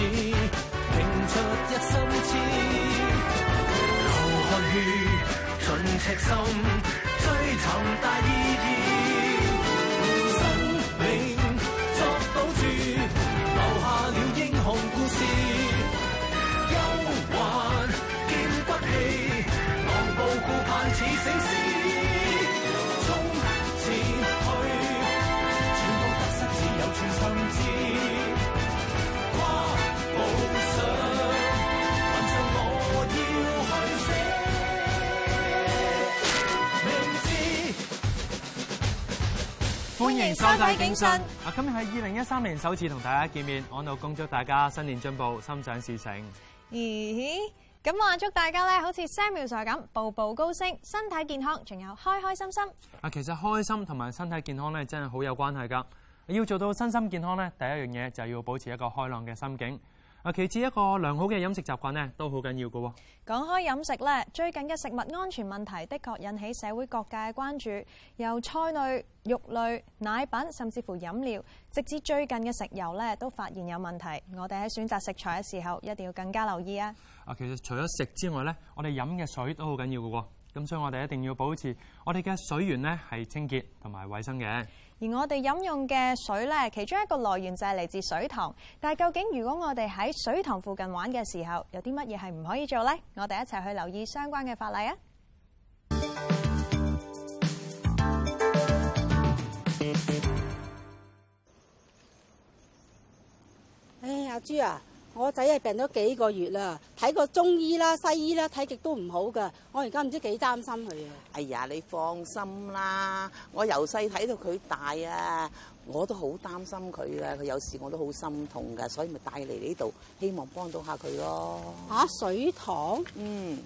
拼出一身痴，流汗血，盡赤心，追尋大義。歡迎收睇《警訊》。啊，今日係二零一三年首次同大家見面，我呢度恭祝大家新年進步，心想事成。咦？咁我祝大家咧，好似 Samuel Sir 咁，步步高升，身體健康，仲有開開心心。啊，其實開心同埋身體健康咧，真係好有關係㗎。要做到身心健康咧，第一樣嘢就要保持一個開朗嘅心境。啊，其次一個良好嘅飲食習慣咧，都好緊要嘅喎。講開飲食咧，最近嘅食物安全問題，的確引起社會各界嘅關注。由菜類、肉類、奶品，甚至乎飲料，直至最近嘅食油咧，都發現有問題。我哋喺選擇食材嘅時候，一定要更加留意啊。啊，其實除咗食之外咧，我哋飲嘅水都好緊要嘅喎。咁所以我哋一定要保持我哋嘅水源咧係清潔同埋衞生嘅。而我哋飲用嘅水呢，其中一個來源就係嚟自水塘。但究竟如果我哋喺水塘附近玩嘅時候，有啲乜嘢係唔可以做呢？我哋一齊去留意相關嘅法例啊！哎，阿朱啊！我仔係病咗幾個月啦，睇過中醫啦、西醫啦，睇極都唔好噶。我而家唔知幾擔心佢啊。哎呀，你放心啦，我由細睇到佢大啊，我都好擔心佢噶，佢有事我都好心痛噶，所以咪帶嚟呢度，希望幫到下佢咯。吓、啊、水塘？嗯。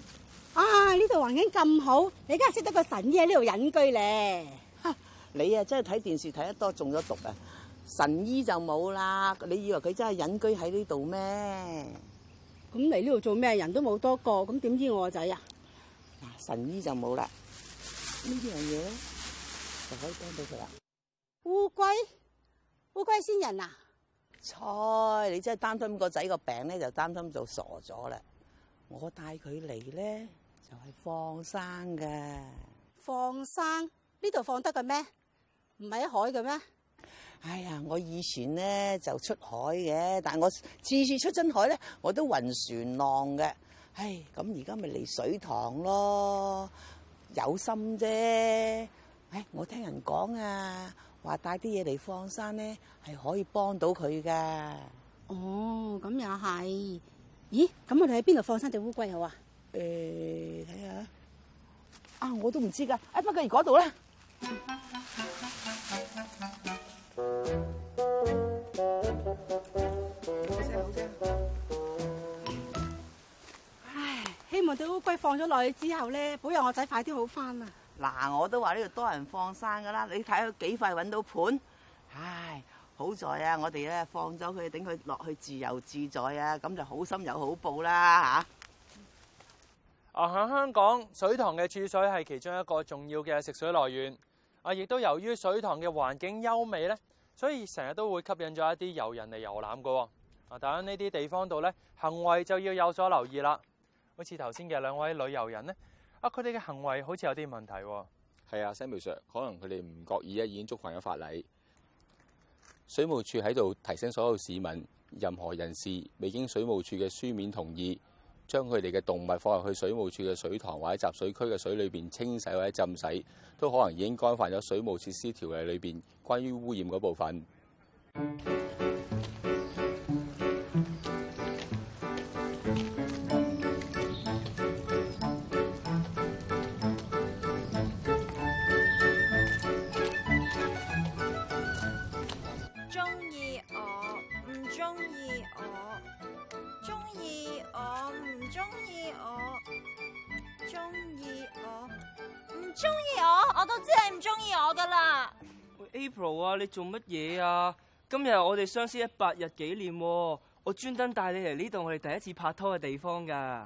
啊！呢度環境咁好，你梗係識得個神醫喺呢度隱居咧。 你啊，真係睇電視睇得多，中咗毒啊！神醫就冇啦，你以為佢真係隱居喺呢度咩？咁嚟呢度做咩？人都冇多個，咁點醫我個仔啊？神醫就冇啦，呢樣嘢就可以幫到佢啦。烏龜？烏龜仙人啊？錯，你真係擔心個仔個病咧，就擔心做傻咗啦。我帶佢嚟咧，就係放生噶。放生？呢度放得嘅咩？唔係喺海嘅咩？哎呀，我以前咧就出海嘅，但係我次次出真海咧，我都暈船浪嘅。唉、哎，咁而家咪嚟水塘咯，有心啫。唉、哎，我聽人講啊，話帶啲嘢嚟放生咧，係可以幫到佢噶。哦，咁又係？咦，咁我哋喺邊度放生隻烏龜好啊？誒、哎，睇下啊，我都唔知噶。誒、哎，不過而嗰度咧。嗯唉，希望隻烏龜放咗落去之後呢，保佑我仔快啲好翻啊！嗱，我都話呢度多人放生噶啦。你睇佢幾快揾到盤，唉，好在啊，我哋咧放咗佢，等佢落去自由自在啊，咁就好心有好報啦吓。嗯、啊，喺香港，水塘嘅儲水係其中一個重要嘅食水來源啊，亦都由於水塘嘅環境優美呢。所以成日都會吸引咗一啲遊人嚟遊覽嘅，但喺呢啲地方度咧，行為就要有所留意啦。好似頭先嘅兩位旅遊人咧，啊，佢哋嘅行為好似有啲問題，哦。係啊，Samuel sir，可能佢哋唔覺意啊，已經觸犯咗法例。水務署喺度提醒所有市民，任何人士未經水務署嘅書面同意，將佢哋嘅動物放入去水務署嘅水塘或者集水區嘅水裏面清洗或者浸洗，都可能已經干犯咗水務設施條例裏面關於污染嗰部分。我都知你唔中意我噶啦，April 啊，你做乜嘢啊？今日我哋相思一百日紀念，啊，我專登帶你嚟呢度，我哋第一次拍拖嘅地方噶。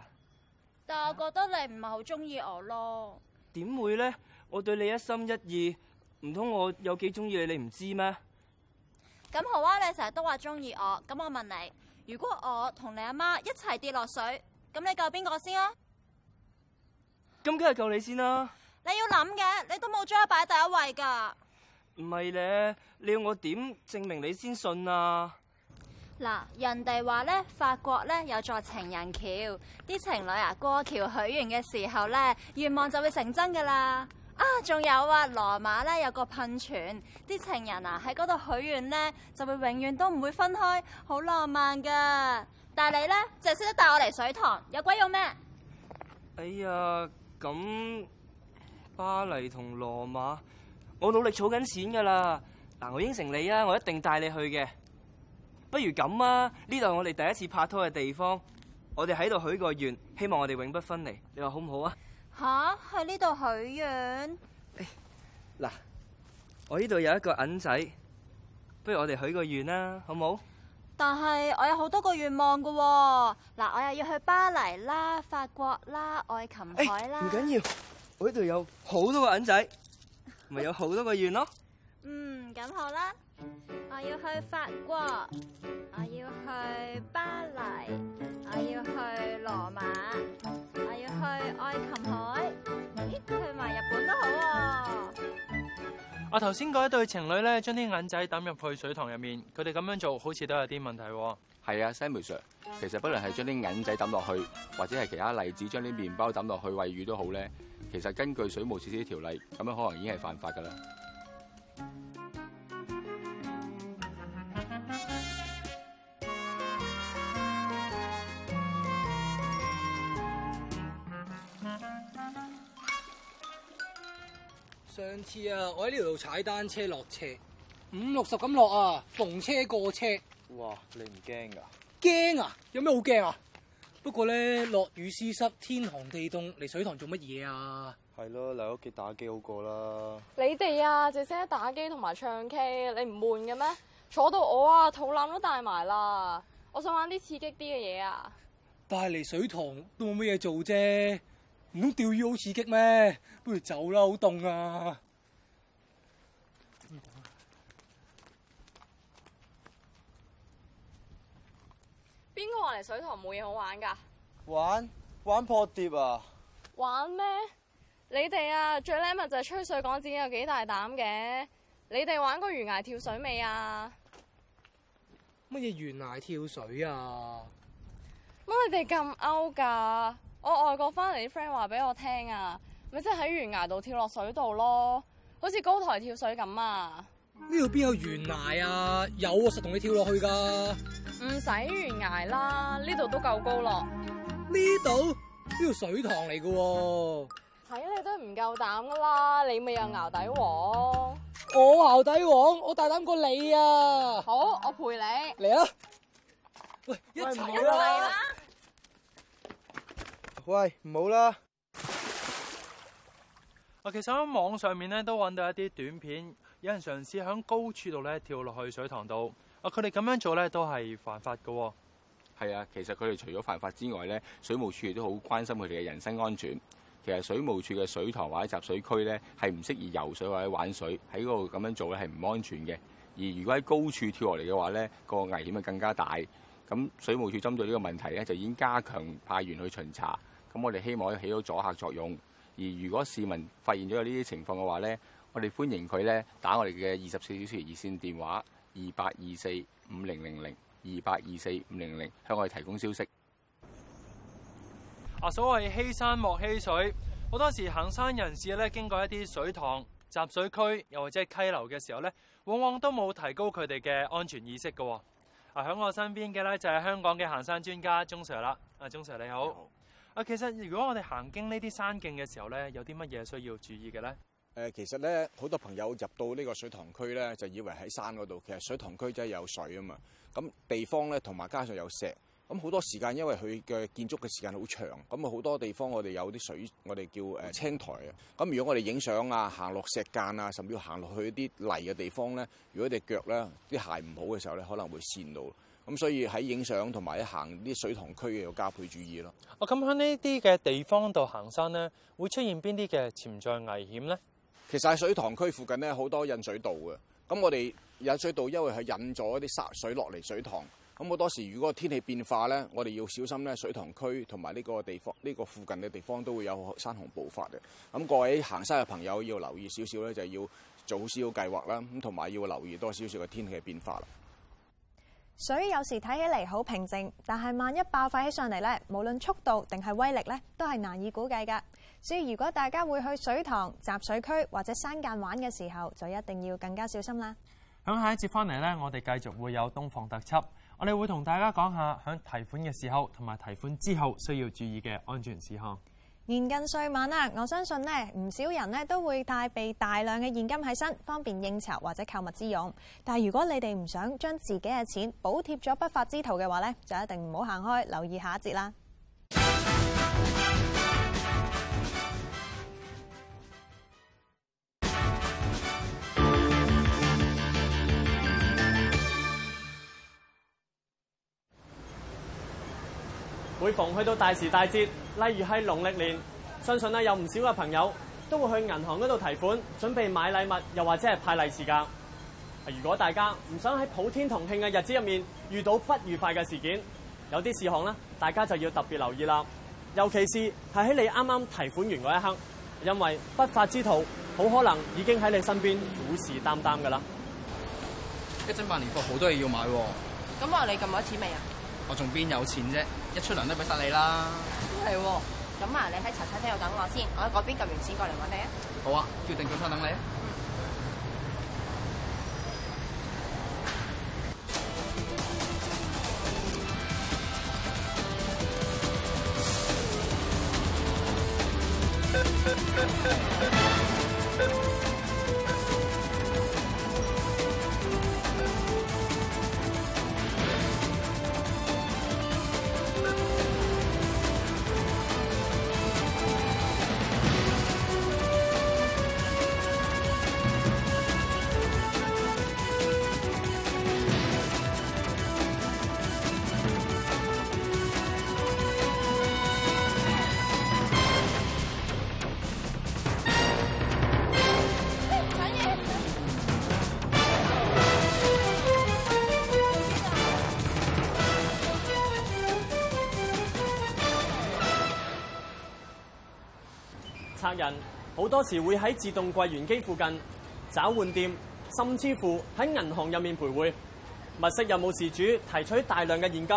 但我覺得你唔係好中意我咯。點會咧？我對你一心一意，唔通我有幾中意你？你唔知咩？咁何威，你成日都話中意我，咁我問你，如果我同你阿媽一齊跌落水，咁你救邊個先啊？咁梗係救你先啦，啊。你要諗嘅，你都冇將我擺喺第一位噶。唔係咧，你要我點證明你先信啊？嗱，人哋話咧，法國咧有座情人橋，啲情侶啊過橋許願嘅時候咧，願望就會成真噶啦。啊，仲有啊，羅馬咧有個噴泉，啲情人啊喺嗰度許願咧，就會永遠都唔會分開，好浪漫噶。但係你咧淨係識得帶我嚟水塘，有鬼用咩？哎呀，咁。巴黎同羅馬，我努力儲緊錢噶啦。嗱，我應承你啊，我一定帶你去嘅。不如咁啊，呢度係我哋第一次拍拖嘅地方，我哋喺度許個願，希望我哋永不分離。你話好唔好啊？吓？去呢度許願？嗱，我呢度有一個銀仔，不如我哋許個願啦，好唔好？但係我有好多個願望噶喎。嗱，我又要去巴黎啦，法國啦，愛琴海啦。哎，唔緊要。我呢度有好多個銀仔，咪有好多個願。咯。 嗯，咁好啦。我要去法國，我要去巴黎，我要去羅馬，我要去愛琴海，去埋日本都好啊。我頭先嗰一對情侶咧，將啲銀仔抌入去水塘入面，佢哋咁樣做好似都有啲問題啊。係啊，Samuel Sir，其實不論係將啲銀仔抌落去，或者係其他例子將啲麵包抌落去餵魚都好咧。其實根據水務設施條例，咁樣可能已經係犯法㗎啦。上次啊，我喺呢度踩單車落斜，五六十咁落啊，逢車過車。哇，你唔驚噶？驚啊！有咩好驚啊？不過咧，落雨濕濕，天寒地凍，嚟水塘做乜嘢啊？係咯，嚟屋企打機好過啦。你哋啊，淨識得打機同埋唱 K，你唔悶嘅咩？坐到我啊，肚腩都大埋啦！我想玩啲刺激啲嘅嘢啊！但係嚟水塘都冇乜嘢做啫，唔通釣魚好刺激咩？不如走啦，好凍啊！邊個話嚟水塘冇嘢好玩噶？玩玩破碟啊！玩咩？你哋啊，最叻咪就係吹水講自己有幾大膽嘅？你哋玩過懸崖跳水未啊？乜嘢懸崖跳水啊？乜你哋咁 out 噶？我外國翻嚟啲 friend 話俾我聽啊，咪即係喺懸崖度跳落水度咯，好似高台跳水咁啊！呢度邊有懸崖啊？有啊，實同你跳落去噶。唔使懸崖啦，呢度都夠高咯。呢度呢度水塘嚟嘅、啊，睇你都唔夠膽噶啦！你咪有牛底王，我牛底王，我大膽過你啊！好，我陪你嚟啊！來吧喂，一齊嚟啦。喂，唔好啦。啊，其實喺網上面咧都揾到一啲短片，有人嘗試喺高處度咧跳落去水塘度。佢哋咁樣做咧，都係犯法噶喎。係啊，其實佢哋除咗犯法之外咧，水務署亦都好關心佢哋嘅人身安全。其實水務署嘅水塘或者集水區咧，係唔適宜游水或者玩水，喺嗰度咁樣做咧係唔安全嘅。而如果喺高處跳落嚟嘅話咧，個危險嘅更加大。咁水務署針對呢個問題咧，就已經加強派員去巡查。咁我哋希望可以起到阻嚇作用。而如果市民發現咗有呢啲情況嘅話咧，我哋歡迎佢咧打我哋嘅二十四小時熱線電話。二八二四五零零零，二八二四五零零，向我哋提供消息。啊，所謂欺山莫欺水，好多時行山人士咧，經過一啲水塘、集水區又或者溪流嘅時候咧，往往都冇提高佢哋嘅安全意識嘅。啊，響我身邊嘅咧就係香港嘅行山專家鍾 Sir 啦。啊，鐘 Sir 你好。啊好，其實如果我哋行經呢啲山徑嘅時候咧，有啲乜嘢需要注意嘅咧？誒，其實咧好多朋友入到呢個水塘區咧，就以為喺山嗰度，其實水塘區真係有水啊嘛。咁地方咧，同埋加上有石，咁好多時間因為佢嘅建築嘅時間好長，咁啊好多地方我哋有啲水，我哋叫青苔啊。咁如果我哋影相啊，行落石間啊，甚至行落去啲泥嘅地方咧，如果你腳咧啲鞋唔好嘅時候咧，可能會跣到。咁所以喺影相同埋行啲水塘區嘅要加倍注意咯。哦，咁喺呢啲嘅地方度行山咧，會出現邊啲嘅潛在危險咧？其實喺水塘區附近呢，好多引水道嘅。咁我哋引水道因為係引咗啲沙水落嚟水塘，咁好多時候如果天氣變化呢，我哋要小心呢。水塘區同埋呢個地方呢，這個附近嘅地方都會有山洪暴發嘅。咁各位行山嘅朋友要留意少少呢，就要早啲要計劃啦，同埋要留意多少少嘅天氣變化啦。水有時睇起嚟，好平靜，但係萬一爆發起上嚟咧，無論速度定係威力咧，都係難以估計噶。所以如果大家會去水塘、集水區或者山澗玩嘅時候，就一定要更加小心啦。響下一節返嚟咧，我哋繼續會有冬防特輯，我哋會同大家講下響提款嘅時候同埋提款之後需要注意嘅安全事項。年近歲晚，我相信咧，唔少人都會帶備大量嘅現金喺身，方便應酬或者購物之用。但係如果你哋唔想將自己嘅錢補貼咗不法之徒嘅話，就一定唔好行開，留意下一節啦。每逢去到大時大節，例如係農曆年，相信咧，有唔少嘅朋友都會去銀行嗰度提款，準備買禮物，又或者係派利是噶。如果大家唔想喺普天同慶嘅日子入面遇到不愉快嘅事件，有啲事項咧，大家就要特別留意啦。尤其是係喺你啱啱提款完嗰一刻，因為不法之徒好可能已經喺你身邊虎視眈眈噶啦。一陣辦年貨好多嘢要買喎。咁我話你撳咗錢未啊？我仲邊有錢啫？一出糧都俾晒你啦！係喎，咁啊，你喺茶餐廳度等我先，我喺嗰邊撳完錢過嚟揾你啊。好啊，叫定早餐等你啊。好多時會喺自動櫃員機附近找換店，甚至乎喺銀行入面徘徊，物色有冇事主提取大量嘅現金，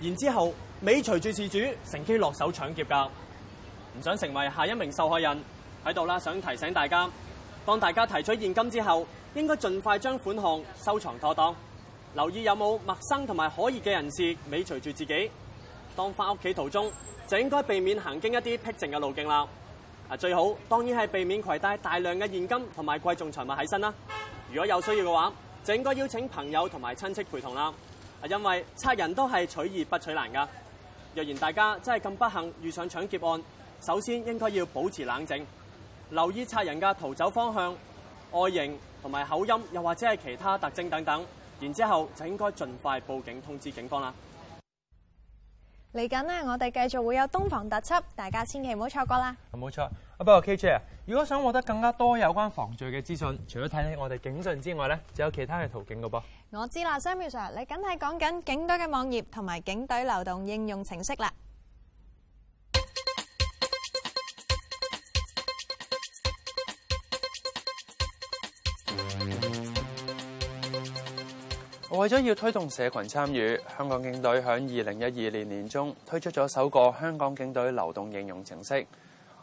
然之後尾隨住事主乘機落手搶劫㗎。唔想成為下一名受害人喺度啦，想提醒大家，當大家提取現金之後，應該盡快將款項收藏妥當，留意有冇陌生同埋可疑嘅人士尾隨住自己。當返屋企途中就應該避免行經一啲僻靜嘅路徑啦。啊，最好當然係避免攜帶大量嘅現金同埋貴重財物喺身啦。如果有需要嘅話，就應該邀請朋友同埋親戚陪同啦。啊，因為賊人都係取易不取難㗎。若然大家真係咁不幸遇上搶劫案，首先應該要保持冷靜，留意賊人嘅逃走方向、外形同埋口音，又或者係其他特徵等等。然之後就應該盡快報警通知警方啦。嚟緊咧，我哋繼續會有東防特輯，大家千祈唔好錯過啦。冇錯，不過 K J 啊，sir, 如果想獲得更加多有關防罪嘅資訊，除咗睇我哋警訊之外咧，仲有其他嘅途徑噶噃。我知啦，Samuel，sir，你梗係講緊警隊嘅網頁同埋警隊流動應用程式啦。為咗要推動社群參與，香港警隊喺二零一二年年中推出咗首個香港警隊流動應用程式。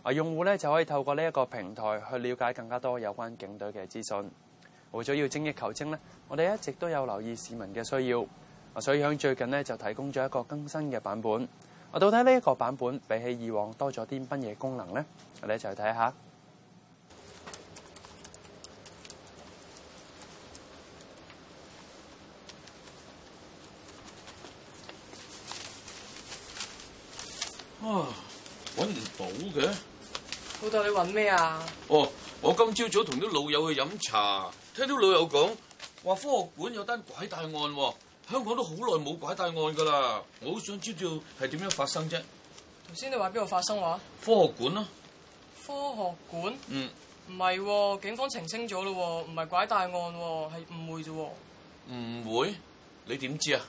啊，用戶咧就可以透過呢一個平台去了解更加多有關警隊嘅資訊。為咗要精益求精呢，我哋一直都有留意市民嘅需要，所以喺最近呢就提供咗一個更新嘅版本。啊，到底呢一個版本比起以往多咗啲乜嘢功能呢？我哋一齊睇下。哇！搵唔到嘅，老豆你搵咩啊？哦，我今朝早同啲老友去飲茶，聽到老友講，話科學館有單拐大案，香港都好耐冇拐大案噶啦，我好想知道係點樣發生啫。頭先你話邊度發生話？科學館啊？科學館？嗯。唔係啊，警方澄清咗咯，唔係拐大案，係誤會啫。誤會？你點知啊？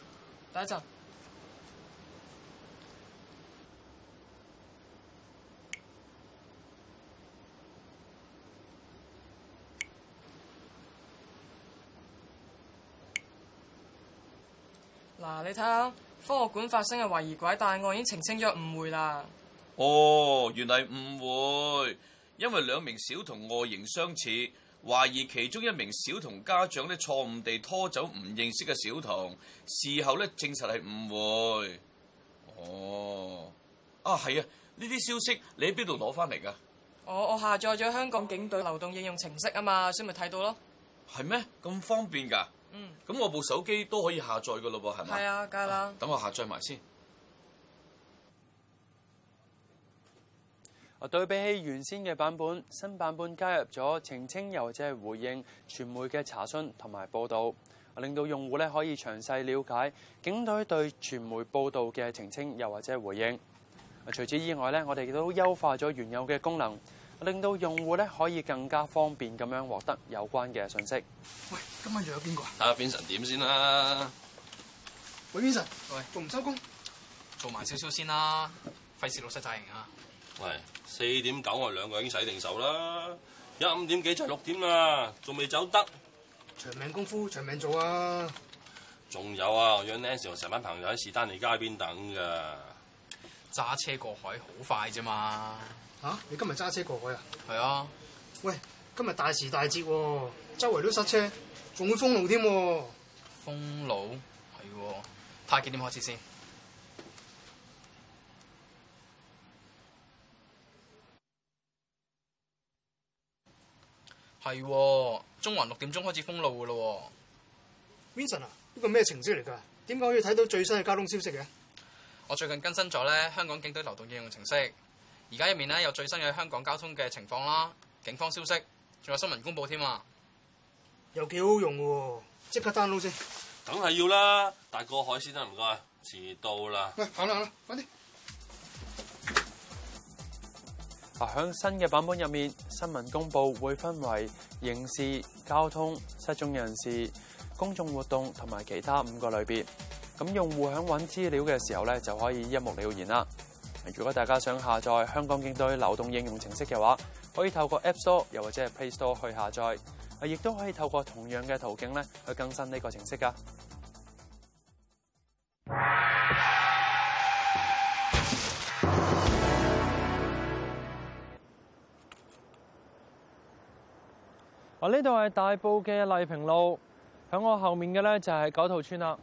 等一陣。嗱、啊，你睇下科學館發生嘅懷疑拐案，但係我已經澄清咗誤會啦。哦，原來誤會，因為兩名小童外形相似，懷疑其中一名小童家長呢，錯誤地拖走唔認識嘅小童，事後呢證實係誤會。哦，啊係啊，呢啲消息你喺邊度攞翻嚟噶我我下載咗香港警隊流動應用程式啊嘛，所以咪睇到咯。係咩咁方便噶嗯，咁我部手機都可以下載噶咯噃，係咪？係啊，梗係啦。等我下載埋先。啊，對比起原先嘅版本，新版本加入咗澄清又或者係回應傳媒嘅查詢同埋報道，令到用戶咧可以詳細了解警隊對傳媒報道嘅澄清又或者係回應。啊，除此以外咧，我哋亦都優化咗原有嘅功能。令到用戶咧可以更加方便咁樣獲得有關嘅訊息。喂，今晚仲有邊個啊？睇下 Vincent 點先啦。喂 Vincent，喂仲唔收工？做埋少少先啦，費事老細扎人啊！喂，四點九我哋兩個已經洗定手啦，而家五點幾就六點啦，仲未走得？長命功夫長命做啊！仲有啊，我約 Nancy 同成班朋友喺士丹利街邊等噶。揸車過海好快啫嘛～啊！你今日揸車過去啊？係啊！喂，今日大時大節、哦，周圍都塞車，仲會封路添、啊。封路係，睇下、哦、幾點開始先？係、哦，中環六點鐘開始封路噶啦、哦。Vincent 啊，呢個咩程式嚟噶？點解可以睇到最新嘅交通消息嘅？我最近更新咗咧香港警隊流動應用程式。而家入面咧有最新嘅香港交通嘅情況啦，警方消息，仲有新聞公佈添啊！又幾好用喎，即刻 download 先。梗係要啦，大哥海鮮真唔該，遲到啦。喂，行啦行啦，快啲！喺新嘅版本入面，新聞公佈會分為刑事、交通、失蹤人士、公眾活動同埋其他五個類別。咁用戶喺揾資料嘅時候咧，就可以一目了然啦。如果大家想下載香港警隊流動應用程式嘅話，可以透過 App Store 又或者係 Play Store 去下載，亦都可以透過同樣嘅途徑咧去更新呢個程式噶、啊。我呢度係大埔嘅麗平路，響我後面嘅咧就係九肚村啦。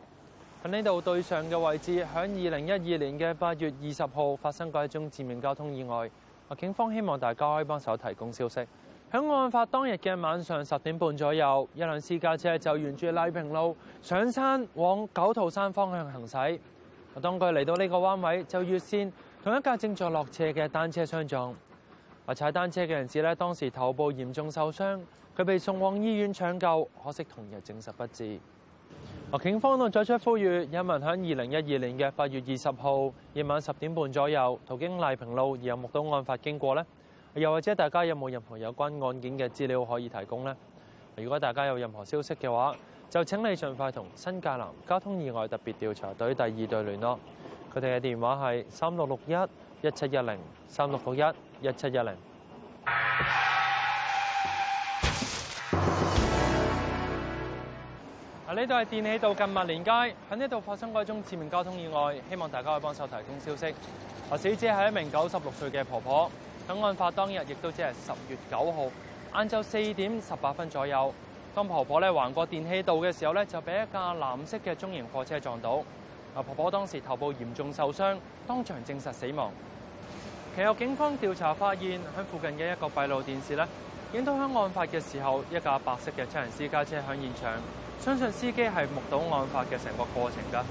喺呢度對上嘅位置，喺二零一二年嘅八月二十號發生過一宗致命交通意外。啊，警方希望大家可以幫手提供消息。喺案發當日嘅晚上十點半左右，一輛私家車就沿住麗坪路上山往九肚山方向行駛。當當佢嚟到呢個彎位，就越線同一架正在落斜嘅單車相撞。踩單車嘅人士咧當時頭部嚴重受傷，佢被送往醫院搶救，可惜同日證實不治。警方都再出呼籲，有民喺二零一二年嘅八月二十號夜晚十點半左右途經麗平路而有目睹案發經過呢，又或者大家有冇任何有關案件嘅資料可以提供呢？如果大家有任何消息嘅話，就請你盡快同新界南交通意外特別調查隊第二隊聯絡，佢哋嘅電話係三六六一一七一零三六六一一七一零。呢度係電氣道近麥連街，喺呢度發生過一宗致命交通意外，希望大家可以幫手提供消息。啊，死者係一名九十六歲嘅婆婆。咁案發當日亦都只係十月九號晏晝四點十八分左右，當婆婆咧橫過電氣道嘅時候咧，就俾一架藍色嘅中型貨車撞到。啊，婆婆當時頭部嚴重受傷，當場證實死亡。其後警方調查發現，喺附近嘅一個閉路電視呢，影到喺案發嘅時候一架白色嘅七人私家車喺現場。相信司機係目睹案發嘅成個過程㗎。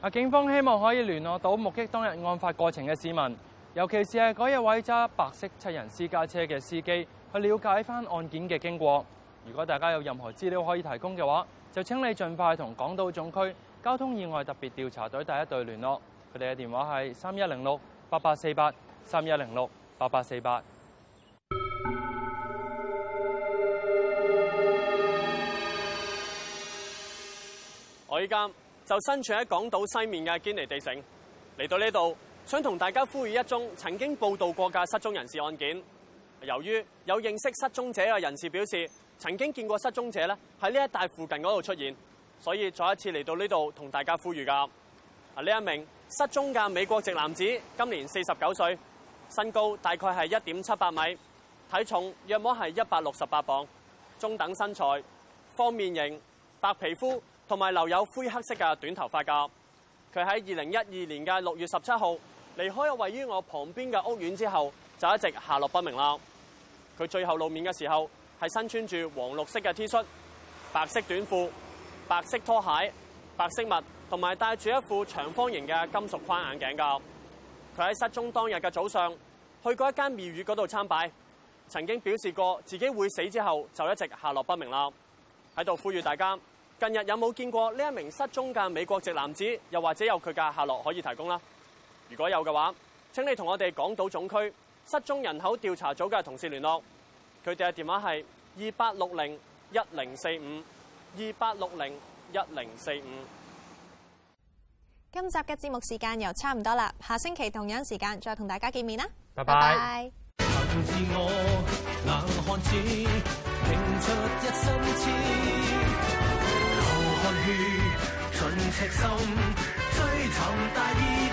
啊，警方希望可以聯絡到目擊當日案發過程嘅市民，尤其是係嗰一位揸白色七人私家車嘅司機，去了解返案件嘅經過。如果大家有任何資料可以提供嘅話，就請你盡快同港島總區交通意外特別調查隊第一隊聯絡，佢哋嘅電話係三一零六八八四八三一零六八八四八。我依家就身處喺港島西面嘅堅尼地城嚟到呢度，想同大家呼籲一宗曾經報道過嘅失蹤人士案件。由於有認識失蹤者嘅人士表示曾經見過失蹤者咧喺呢一帶附近嗰度出現，所以再一次嚟到呢度同大家呼籲㗎。呢一名失蹤嘅美國籍男子今年四十九歲，身高大概係一點七八米，體重約莫係一百六十八磅，中等身材，方面型，白皮膚。同埋留有灰黑色嘅短頭髮噶，佢喺二零一二年嘅六月十七號離開，位於我旁邊嘅屋苑之後，就一直下落不明啦。佢最後露面嘅時候係身穿住黃綠色嘅 T 恤、白色短褲、白色拖鞋、白色襪同埋戴住一副長方形嘅金屬框眼鏡。噶，佢喺失蹤當日嘅早上去過一間廟宇嗰度參拜，曾經表示過自己會死，之後就一直下落不明啦。喺度呼籲大家。近日有冇見過呢一名失蹤嘅美國籍男子？又或者有佢嘅下落可以提供啦？如果有嘅話，請你同我哋港島總區失蹤人口調查組嘅同事聯絡，佢哋嘅電話係二八六零一零四五，二八六零一零四五。45，今集嘅節目時間又差唔多啦，下星期同樣時間再同大家見面啦。Bye bye. 拜拜。盡赤心，追尋大義。